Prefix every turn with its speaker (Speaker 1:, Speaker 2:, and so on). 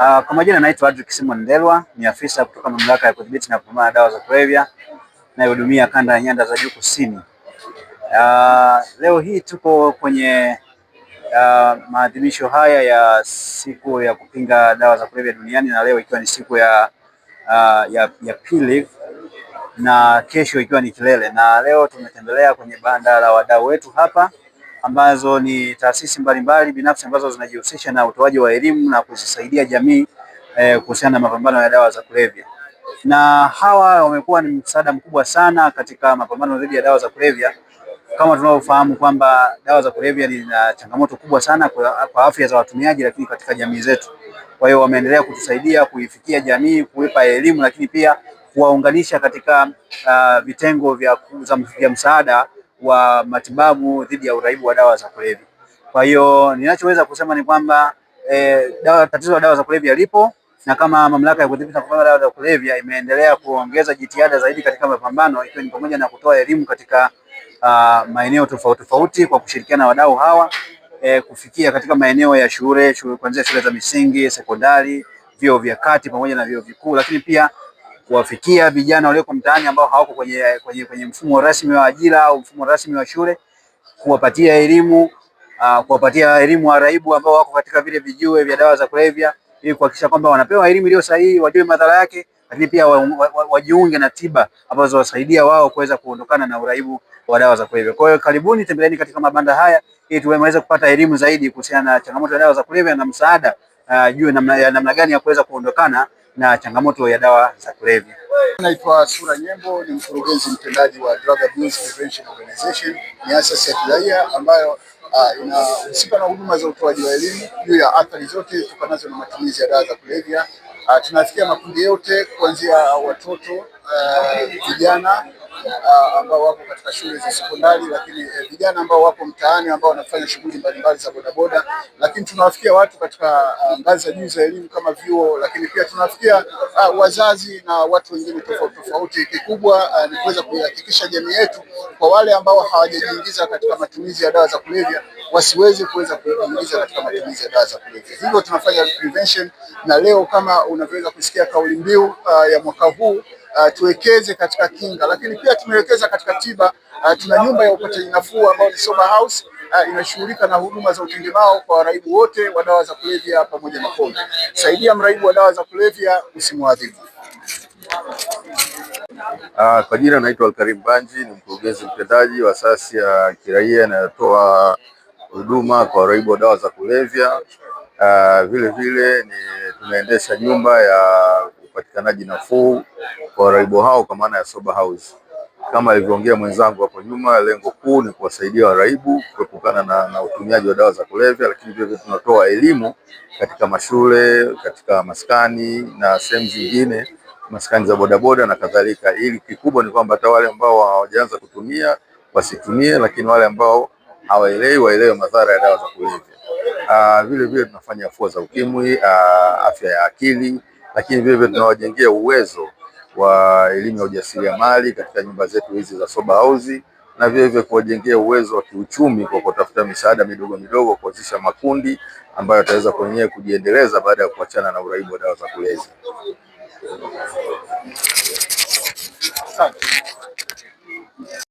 Speaker 1: Uh, kwa majina naitwa Adrick Simon Ndelwa, ni afisa kutoka Mamlaka ya Kudhibiti na Kupambana na Dawa za Kulevya inayohudumia kanda ya Nyanda za Juu Kusini. Uh, leo hii tuko kwenye uh, maadhimisho haya ya siku ya kupinga dawa za kulevya duniani na leo ikiwa ni siku ya, uh, ya, ya pili na kesho ikiwa ni kilele, na leo tumetembelea kwenye banda la wadau wetu hapa ambazo ni taasisi mbalimbali binafsi ambazo zinajihusisha na utoaji wa elimu na kuzisaidia jamii eh, kuhusiana na mapambano ya dawa za kulevya, na hawa wamekuwa ni msaada mkubwa sana katika mapambano dhidi ya dawa za kulevya kama tunavyofahamu kwamba dawa za kulevya ni na changamoto kubwa sana kwa, kwa afya za watumiaji, lakini katika jamii zetu. Kwa hiyo wameendelea kutusaidia kuifikia jamii, kuipa elimu, lakini pia kuwaunganisha katika uh, vitengo vya, vya msaada wa matibabu dhidi ya uraibu wa dawa za kulevya. Kwa hiyo ninachoweza kusema ni kwamba e, dawa, tatizo la dawa za kulevya lipo na kama mamlaka ya kudhibiti na kupambana dawa za kulevya imeendelea kuongeza jitihada zaidi katika mapambano ikiwa ni pamoja na kutoa elimu katika uh, maeneo tofauti tofauti kwa kushirikiana na wadau hawa e, kufikia katika maeneo ya shule, shule kuanzia shule za misingi, sekondari, vyuo vya kati pamoja na vyuo vikuu, lakini pia kuwafikia vijana walioko mtaani ambao hawako kwenye, kwenye, kwenye mfumo rasmi wa ajira au mfumo rasmi wa shule, kuwapatia elimu uh, kuwapatia elimu waraibu ambao wako katika vile vijue vya dawa za kulevya ili kuhakikisha kwamba wanapewa elimu iliyo sahihi, wajue madhara yake, lakini pia wajiunge wa, wa, wa na tiba ambazo wasaidia wao kuweza kuondokana na uraibu wa dawa za kulevya. Kwa hiyo karibuni, tembeleni katika mabanda haya ili tuweze kupata elimu zaidi kuhusiana na changamoto ya dawa za kulevya na msaada uh, juu namna, ya namna gani ya kuweza kuondokana na changamoto ya dawa za kulevya.
Speaker 2: Naitwa Sura Nyembo, ni mkurugenzi mtendaji wa Drug Abuse Prevention Organization. Ni asasi ya kiraia ambayo uh, inahusika na huduma za utoaji wa elimu juu ya athari zote zitokanazo na matumizi ya dawa za kulevya. Uh, tunafikia makundi yote kuanzia watoto, ah, vijana uh, uh, ambao wako katika shule za sekondari, lakini eh, vijana ambao wako mtaani ambao wanafanya shughuli mbalimbali za bodaboda, lakini tunawafikia watu katika ah, ngazi uh, za juu za elimu kama vyuo, lakini pia tunawafikia uh, wazazi na watu wengine tofauti tofauti. Kikubwa uh, ni kuweza kuihakikisha jamii yetu kwa wale ambao hawajajiingiza katika matumizi ya dawa za kulevya wasiweze kuweza kujiingiza katika matumizi ya dawa za kulevya. Hivyo tunafanya prevention, na leo kama unavyoweza kusikia kauli mbiu uh, ya mwaka huu uh, tuwekeze katika kinga, lakini pia tumewekeza katika tiba uh, tuna nyumba ya upataji nafuu ambayo ni Sober House uh, inashughulika na huduma za utengemao kwa waraibu wote wa dawa za kulevya pamoja na pombe. Saidia mraibu wa dawa za kulevya, usimwadhibu.
Speaker 3: Uh, kwa jina naitwa Alkarim Banji, ni mkurugenzi mtendaji wa asasi ya kiraia inayotoa huduma kwa waraibu wa dawa za kulevya. Uh, vile vile ni tunaendesha nyumba ya upatikanaji nafuu kwa waraibu hao kwa maana ya sober house. Kama alivyoongea mwenzangu hapo nyuma, lengo kuu ni kuwasaidia waraibu kuepukana na, na utumiaji wa dawa za kulevya, lakini vile vile tunatoa elimu katika mashule, katika maskani na sehemu zingine, maskani za bodaboda na kadhalika, ili kikubwa ni kwamba hata wale ambao hawajaanza kutumia wasitumie, lakini wale ambao hawaelewi waelewe madhara ya dawa za kulevya. Aa, ah, vile vile tunafanya afua za ukimwi, ah, afya ya akili, lakini vile vile tunawajengea uwezo wa elimu ya ujasiriamali katika nyumba zetu hizi za soba house na vile vile kuwajengea uwezo wa kiuchumi kwa kutafuta misaada midogo midogo, kuanzisha makundi ambayo yataweza kwenyewe kujiendeleza baada ya kuachana na uraibu wa dawa za kulevya.